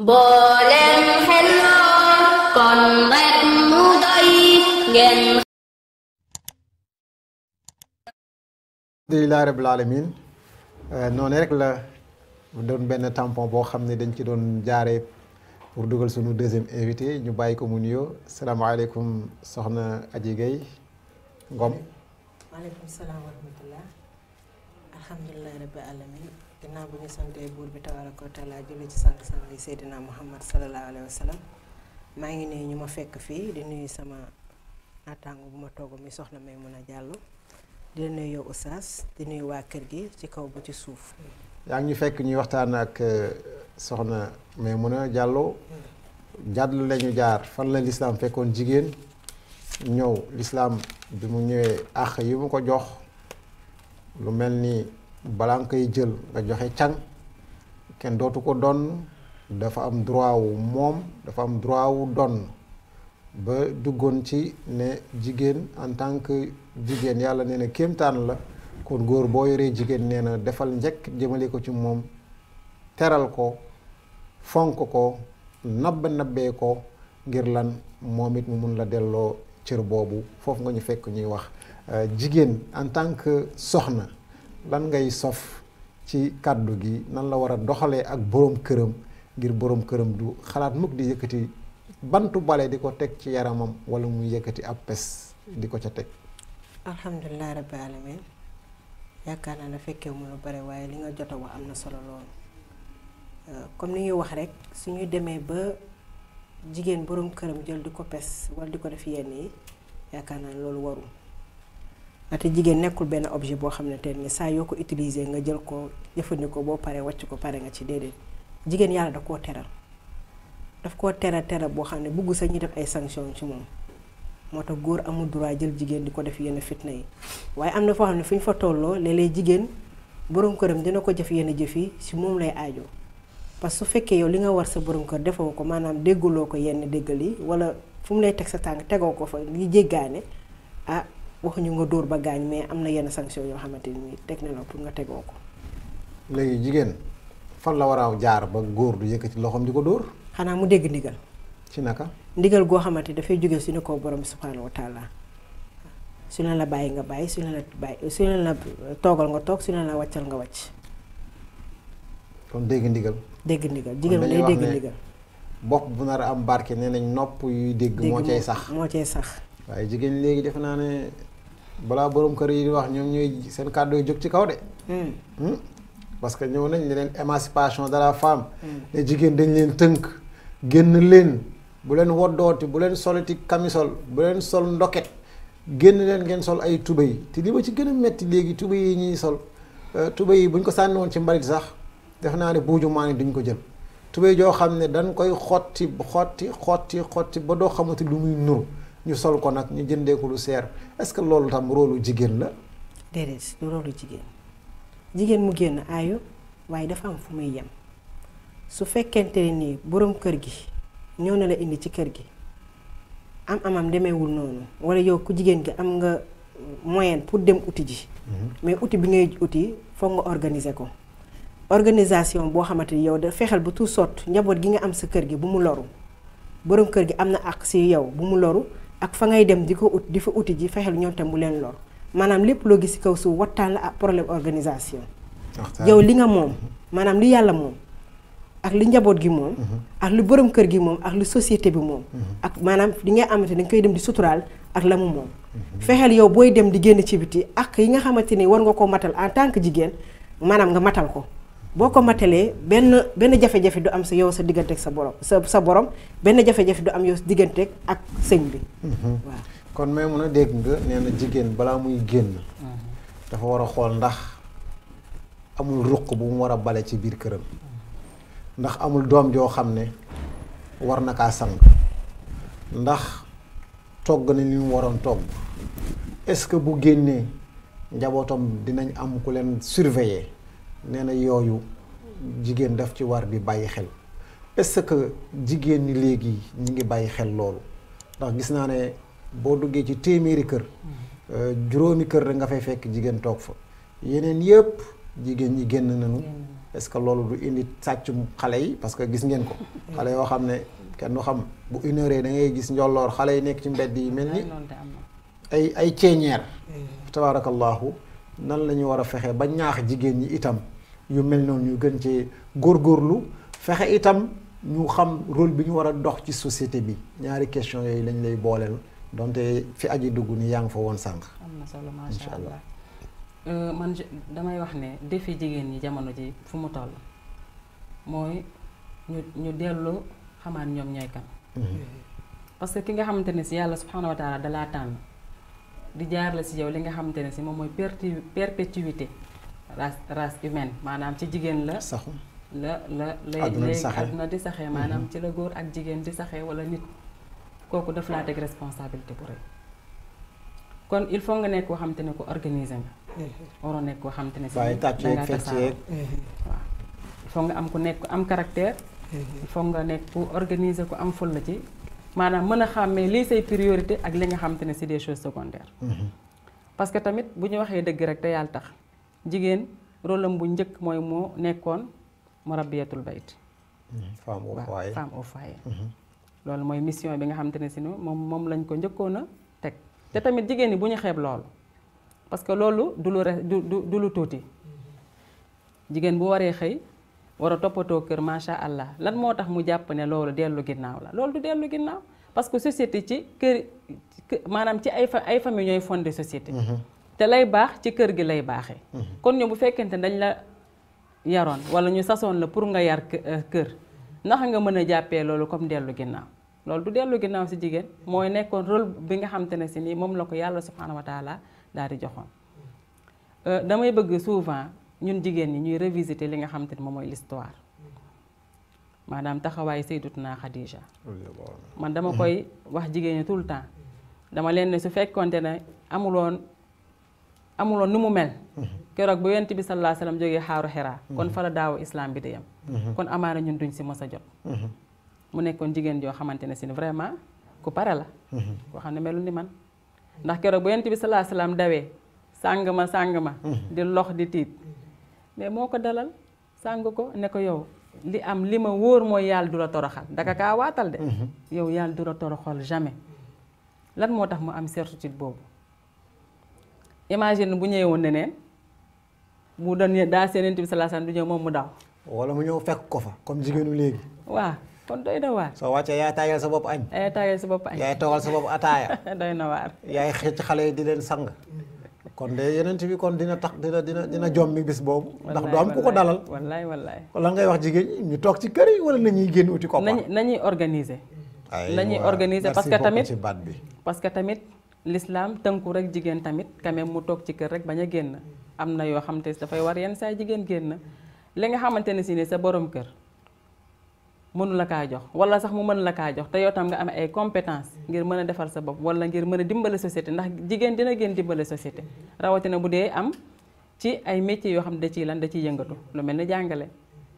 Mboolem xello kon rek mu doy ngeen. noonu rek la doon benn tampon boo xam ne dañ ci doon jaare pour dugal sunu deuxième invité ñu bàyyi ko mu nuyoo salaamaaleykum soxna Adji Gaye Ngom. waaleykum salaam wa rahmatullah alhamdulilah alamin ginnaaw bu ñu santee buur bi tabaraka wa taala julli ci sang sang yi Seydina Muhammad sallallahu alayhi wa maa ngi nuyu ñu ma fekk fii di nuyu sama naataango bu ma togg mi soxna may mun a jàllu di nuyu yow gi ci kaw bu ci suuf. yaa ñu fekk ñuy waxtaan ak euh, soxna may mun a jàllu jàll la ñu jaar fan la lislaam fekkoon jigéen ñëw lislaam bi mu ñëwee àq yi mu ko jox lu mel ni. balaa nga koy jël nga joxe càng kenn dootu ko donn dafa am droit wu moom dafa am droit wu donn ba duggoon ci ne jigéen en tant que jigéen yàlla nee na kéemtaan la kon góor boo yoree jigéen nee na defal njëkk jëmale ko ci moom teral ko fonk ko nabba nabbee ko ngir lan moom it mu mun la delloo cër boobu foofu nga ñu fekk ñuy wax euh, jigéen en tant que soxna lan ngay sof ci kàddu gi nan la war a doxalee ak boroom këram ngir boroom këram du xalaat mukk di yëkkati bantu bale di ko teg ci yaramam wala mu yëkkati ab pes di ko ca teg alhamdulilah rabbi alamin yaakaar naa ne fekkee mu lu bare waaye li nga jota am na solo loolu euh, comme ni ñuy wax rek suñuy demee ba jigéen boroom këram jël di ko pes wala di ko def yenn yi yaakaar naa loolu warul te jigéen nekkul benn objet boo xam ne te ni saa yoo ko utiliser nga jël ko jëfandikoo boo paree wacc ko pare nga ci déedéet jigéen yàlla da koo teral daf koo tera tera boo xam ne bugg sax ñu def ay sanction ci moom moo tax góor amul droit jël jigéen di ko def yenn fitna yi waaye am na foo xam ne fu ñu fa tolloo léeg lay jigéen borom këram dina ko jëf yenn jëf yi si moom lay aajo parce que su fekkee yow li nga war sa borom kër defoo ko maanaam déggaloo ko yenn déggal yi wala fu lay teg sa tànk tegoo ko fa li jéggaane ah, waxuñu nga dóor ba gaañ mais am na yenn sanction yoo xamante ni teg na pour nga tegoo ko. léegi jigéen fan la war a jaar ba góor du yëkkati loxoom di ko dóor. xanaa mu dégg ndigal. ci ndigal goo xamante ni dafay jóge suñu ko borom subhaanahu wa taala su leen la bàyyi nga bàyyi su leen na bàyyi su leen la toogal nga toog su leen na wàccal nga wàcc. kon dégg ndigal. dégg ndigal jigéen ñi day dégg ndigal bopp bu nar a am barke nee nañ nopp yuy dégg. moo cay sax moo cay sax. waaye jigéen léegi def naa ne. balaa borom kër yi di wax ñoom ñooy seen kàddu yi jóg ci kaw de. Hmm. Hmm? parce que ñëw nañ ne leen émancipation de la femme. ne hmm. jigéen dañ leen tënk génn leen bu leen woddooti bu leen soliti camisole bu leen sol ndoket génn leen ngeen sol ay tubéy te li ma ci gën a metti léegi tuba yi ñuy sol euh, tubéy yi buñ ko sànni woon ci mbalit sax def naa ne buuju maa duñ ko jël. tubéy joo xam ne dañ koy xotti xotti xotti xotti ba doo xamante lu muy nuru ñu sol ko nag ñu jëndee ko lu seer est-ce que loolu tam rôle jigéen la. déedéet lu rôle jigéen jigéen mu génn aayu waaye dafa am fu muy yem su fekkente ne nii boroom kër gi ñëw na la indi ci kër gi am amam demeewul noonu walla yow ku jigéen gi am nga moyen pour dem uti ji. Mhm. mais uti bi ngay uti foog nga organiser ko. organisation boo xamante ni yow da fexeel ba tout sott njaboot gi nga am sa kër gi bu mu loru boroom kër gi am na ak si yow bu mu loru ak fa ngay dem di ko ut di fa uti ji fexeel ñoom tam bu leen lor maanaam lépp loo gis ci kaw suuf waxtaan la ak problème organisation. yow li nga moom maanaam li yàlla moom. ak li njaboot gi moom. Mhm. ak lu borom kër gi moom ak lu société bi moom. Mhm. ak maanaam li ngay amante dañ koy dem di suturaal ak la mu moom. Mhm. fexeel yow booy dem di génn ci biti ak yi nga xamante ni war nga ko matal en tant que jigéen maanaam nga matal ko. boo ko matalee benn benn jafe-jafe du am si yow sa digganteeg sa borom sa sa borom benn jafe-jafe du am yow sa digganteeg ak sëñ bi. Mhm. waaw kon may mun a dégg nga nee na jigéen balaa muy génn. Mhm. dafa war a xool ndax amul ruq bu mu war a bale ci biir këram. ndax amul doom joo xam ne war na kaa sang. ndax togg na li waroon togg est-ce que bu génnee njabootam dinañ am ku leen surveiller. nee na yooyu jigéen daf ci war bi bàyyi xel est-ce que jigéen ñi léegi ñu ngi bàyyi xel loolu ndax gis naa ne boo duggee ci téeméeri kër mm-hmm. euh, juróomi kër rek nga fay fekk jigéen toog fa yeneen yëpp jigéen ñi génn nañu est-ce que loolu du indi sàccum xale yi parce que gis ngeen ko xale yoo xam ne kenn du xam bu une heure da ngay gis njolloor xale yi nekk ci mbedd yi mel ni ay ay ceeñeer eh. tabaarakallahu nan lañu war a fexe ba ñaax jigéen ñi itam yu mel noonu ñu gën cee góorlu fexe itam ñu xam rôle bi ñu war a dox ci société bi ñaari question yooyu lañ lay booleel donte fi aji dugg ni yaa ngi fa woon sànq. am na solo macha allah euh, man damay wax ne défi jigéen ñi jamono ji fu mu toll mooy ñu ñu dellu xamaat ñoom ñooy kan. Mhm. parce que ki nga xamante ne si yàlla subhanahu wa taala dalaa tànn di jaar la si yow li nga xamante ne si moom mooy perpétuité. race race humaine maanaam ci jigéen la. saxu la la lay léegi na di saxee mhm. maanaam ci la góor ak jigéen di saxee wala nit kooku def laa teg responsabilité bu rëy kon il faut nga nekk koo xamante ne ko organiser nga. Mhm. nekk koo xamante ne. waaye tàcc yeeg mhm. waaw il faut am ku nekk am caractère. il nga nekk ku organiser ku am fulla ci. maanaam mën a xàmmee lii say priorité ak li nga xamante ne c'est des choses secondaires. parce que tamit bu ñu waxee dëgg rek te yàlla tax. jigéen rôlam bu njëkk mooy moo nekkoon murabbiyatul bayt mm-hmm. femme au foyer femme au foyer mm-hmm. loolu mooy mission bi nga xamante ne si ni moom moom lañ ko njëkkoon a teg te tamit jigéen yi bu ñu xeeb loolu parce que loolu du lu re du du lu tuuti jigéen bu waree xëy war toppatoo kër macha allah lan moo tax mu jàpp ne loolu dellu ginnaaw la loolu du dellu ginnaaw parce que société ci kër maanaam ci ay ay famille ñooy fondé société mm-hmm. te lay baax ci kër gi lay baaxee. Mhm. kon ñoom bu fekkente dañ la yaroon wala ñu sasoon la pour nga yar euh, kër naka nga mën a jàppee loolu comme dellu ginnaaw loolu du dellu ginnaaw si jigéen mooy nekkoon rôle bi nga xamante ne si nii moom la ko yàlla subhaanahu wa taala daal di joxoon. Euh, damay bëgg souvent ñun jigéen ñi ñuy revisiter li nga xamante ne moom mooy l'histoire maanaam taxawaayu Sayyidatuna Khadija. man dama koy wax jigéen ñi tout le temps dama leen ne su fekkonte ne amuloon. amuloon nu mu mel mhm. keroog bu yonent bi sallallahu alayhi wasallam jógee xaaru xiraa mhm. kon fa la daawu islam bi di yem mhm. kon amaana ñun duñ si mos a jot mu nekkoon jigéen joo xamante ne si vraiment ku pare la koo xam ne melul ni man ndax keroog bu yonent bi sallallahu alayhi wasallam dawee sàng ma sàng ma di lox di tiit mais moo ko dalal sàng ko ne ko yow li am li ma wóor mooy yàlla du la toroxal daka kaa waatal de yow yàlla du la toroxal jamais lan moo tax mu am certitude boobu imagine bu ñëwee woon ne neen mu doon daa seen yonent bi sallallahu alayhi wasallam du ñëw moom mu daw. wala mu ñëw fekk ko fa comme jigéenu léegi. waa kon doy na waar. soo wàccee yaay taayal sa bopp añ. yaay taayal sa bopp añ. yaay toogal sa bopp ataaya. doy na waar. yaay xëcc xale yi di leen sang. kon de yonent bi kon dina tax dina dina dina jommi bis boobu. ndax du am ku ko dalal. wallaay wallaay lan ngay wax jigéen ñu toog ci kër yi wala nañuy génn uti ko nañuy organiser. nañuy organiser parce que tamit parce que tamit. lislaam tënku rek jigéen tamit quand mu toog ci kër rek bañ a génn am na yoo xam te dafay war yenn saa jigéen génn li nga xamante ne si ne sa boroom kër mënu la kaa jox wala sax mu mën la kaa jox te yow tam nga am ay compétence ngir mën a defar sa bopp wala ngir mën a dimbale société ndax jigéen dina génn dimbale société rawatina bu dee am ci ay métiers yoo xam ne da ciy lan da ciy yëngatu lu mel ni jàngale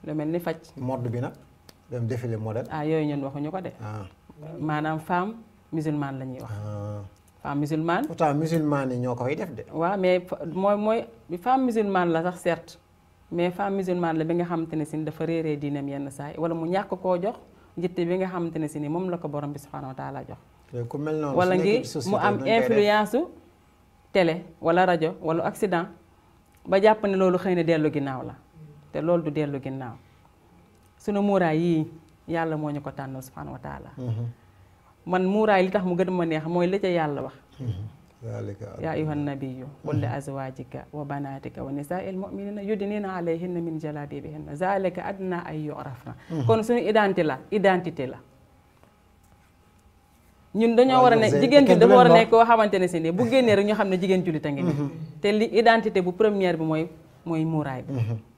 lu mel ni faj. mode bi nag dem défilé mode. ah yooyu ñun waxuñu ko de. Ah. maanaam femme musulmane la ñuy wax. Ah. femme musulmane. pourtant musulmane yi ñoo koy def de. waaw mais mooy mooy femme musulmane la sax certes mais femme musulmane la bi nga xamante ne si dafa réeree diinam yenn saa yi wala mu ñàkk koo jox njëtte bi nga xamante ne si ni moom la ko borom bi subhanahu wa jox. ku mel noonu wala ngi mu am influence télé wala rajo wala accident ba jàpp ne loolu xëy ne dellu ginnaaw la te loolu du dellu ginnaaw sunu muuraay yii yàlla moo ñu ko tànnal subhanahu wa man muuraay li tax mu gën ma neex mooy la yàlla wax yaa ayyuhan nabiyyu qul li azwaajika wa banaatika wa nisaa'il mu'miniina yudniina alayhinna na jalaabiibihinna zaalika adnaa ay yu'rafna mm-hmm. kon suñu identité la identité la ñun dañoo war a ne jigéen bi dafa war a nekk koo xamante ne si ne bu génnee rek ñu xam ne jigéen jullit a ngi mm-hmm. te li identité bu première bi mooy mooy muuraay bi mm-hmm.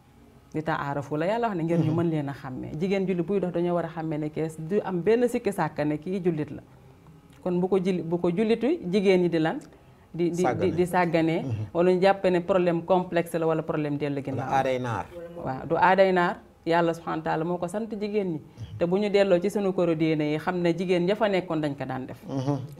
li taa aarafu la yàlla wax ne ngeen ñu mhm. mën leen a xàmmee jigéen julli buy dox dañoo war a xàmmee ne du am benn sikki sàkk kii jullit la kon bu ko julli bu ko jullitu jigéen ñi di lan di di di sàgganee mhm. wala ñu jàppe ne problème complexe la wala problème dellu ginnaaw aaday naar waaw du aaday naar yàlla subhaana taala moo ko sant jigéen ñi mhm. te bu ñu delloo ci sunu koro diine yi xam ne jigéen ña fa nekkoon dañ ko daan def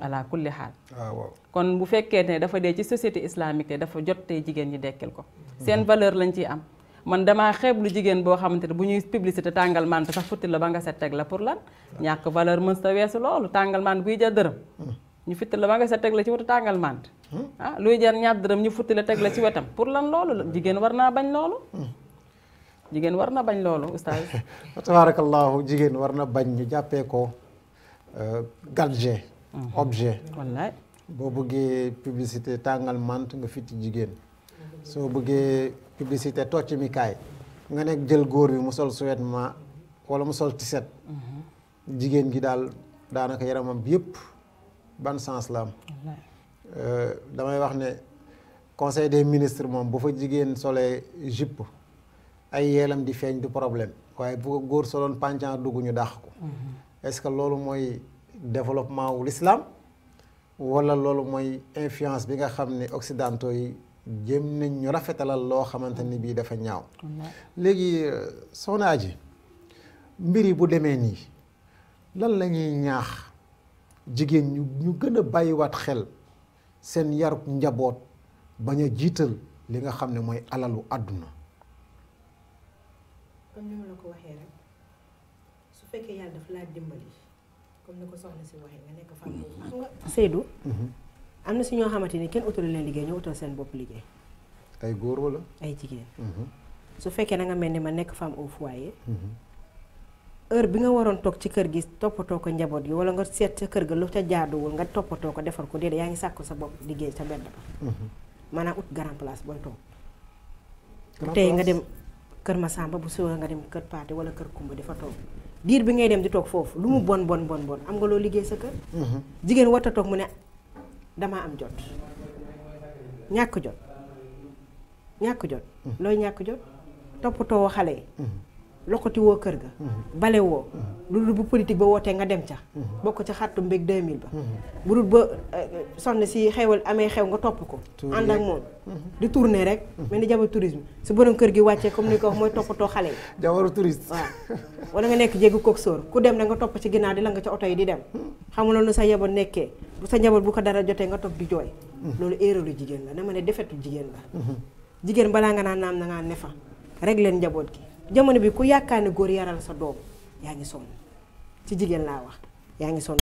ala kulli xaal ah, kon bu fekkee ne dafa dee ci société islamique te dafa jot tey jigéen ñi dekkal ko seen valeur lañ ciy am man damaa xeeb lu jigéen boo xamante ne bu ñuy publicité tàngal mante sax futti la ba nga set teg la pour lan ñàkk valeur mën sa weesu loolu tàngal mante buy jar dërëm hmm. ñu futti la ba nga set teg la ci wetu tàngal mante hmm. ah luy jar ñaar dërëm ñu futti la teg la ci wetam pour lan loolu jigéen war naa bañ loolu hmm. jigéen war na bañ loolu oustaz tabaarakallaahu jigéen war na bañ ñu jàppee ko euh, gadget objet wallaay boo bëggee publicité tàngal mante nga fit jigéen soo bëggee publicité tocc mi kaay nga nekk jël góor bi mu sol sous-vêtement wala mu sol tiset mhm. jigéen gi daal daanaka yaramam bi yëpp ban sens la am euh, damay wax ne conseil des ministres moom bu fa jigéen solee jupe ay yeelam di feeñ du problème waaye bu ko góor soloon pàncan dugg ñu dàq ko mhm. est loolu mooy développement wu l'islam wala loolu mooy influence bi nga xam ne occidentaux jéem nañ ñu rafetalal loo xamante ni bii dafa ñaaw. léegi euh, soxna Aji mbir yi bu demee nii lan la ñaax jigéen ñu ñu gën a bàyyiwaat xel seen yarug njaboot bañ a jiital li nga xam ne mooy alalu àdduna. su fekkee yàlla daf laa dimbali comme ni ko soxna si waxee nga nekk fan. xam nga Seydou. Mhm. am na si ñoo xamante ni kenn utal leen liggéey ñoo utal seen bopp liggéey. ay góor wala. ay jigéen. Mhm. su fekkee na nga mel ni ma nekk femme au foyer. Mhm. heure bi nga waroon toog ci kër gi toppatoo ko njaboot gi wala nga seet sa kër ga lu ca jaaduwul nga toppatoo ko defar ko déedéet yaa ngi sàkku sa bopp liggéey sa benn ba. Mhm. maanaam ut grand place booy toog. bu tey nga dem kër Masamba bu suba nga dem kër Paate wala kër Kumba di fa toog. diir bi ngay dem di toog foofu lu mu bon bon bon bon am nga loo liggéey sa kër. jigéen warta damaa am jot ñàkk jot ñàkk jot mm. looy ñàkk jot toppatoo xale yi mm. lokkati woo kër ga mhm. bale woo loolu mhm. bu politique ba wootee nga dem ca mhm. bokk ca xattu mbég 2000 ba bu dul ba euh, euh, sonn si xewal amee xew nga topp ko ànd ak moom di tourner rek mel ni jabar tourisme su borom kër gi wàccee comme ni ko wax mooy toppatoo xale yi jabaru touriste waaw wala nga nekk jéggi kooku soor ku dem rek nga topp ci ginnaaw di la nga ca oto yi di dem xam loolu sa njaboot nekkee bu sa njaboot bu ko dara jotee nga toog di jooy loolu erreur jigéen la dama ne defetu jigéen la jigéen balaa nga naan naam na ngaa ne fa rek leen njaboot gi jamono bi ku yàkkaar ne góor yaral sa doom yaa ngi sonn ci jigéen laa wax yaa ngi sonn